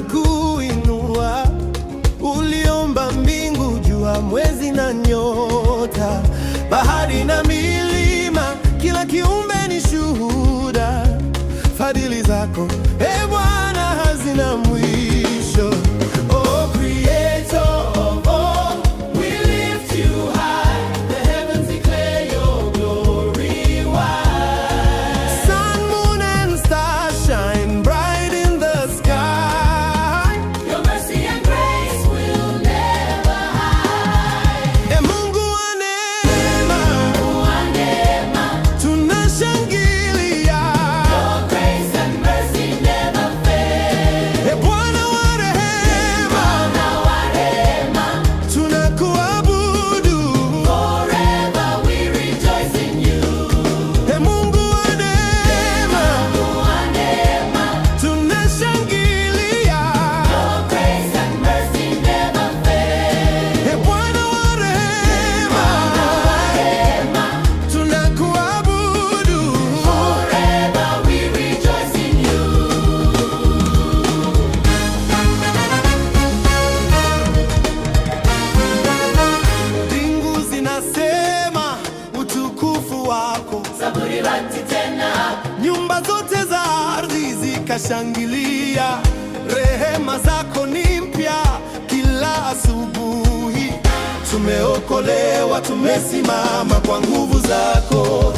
kuinua, uliomba mbingu, jua, mwezi na nyota, bahari na milima, kila kiumbe ni shuhuda. Fadhili zako e Bwana hazina wakati tena, nyumba zote za ardhi zikashangilia. Rehema zako ni mpya kila asubuhi, tumeokolewa, tumesimama kwa nguvu zako.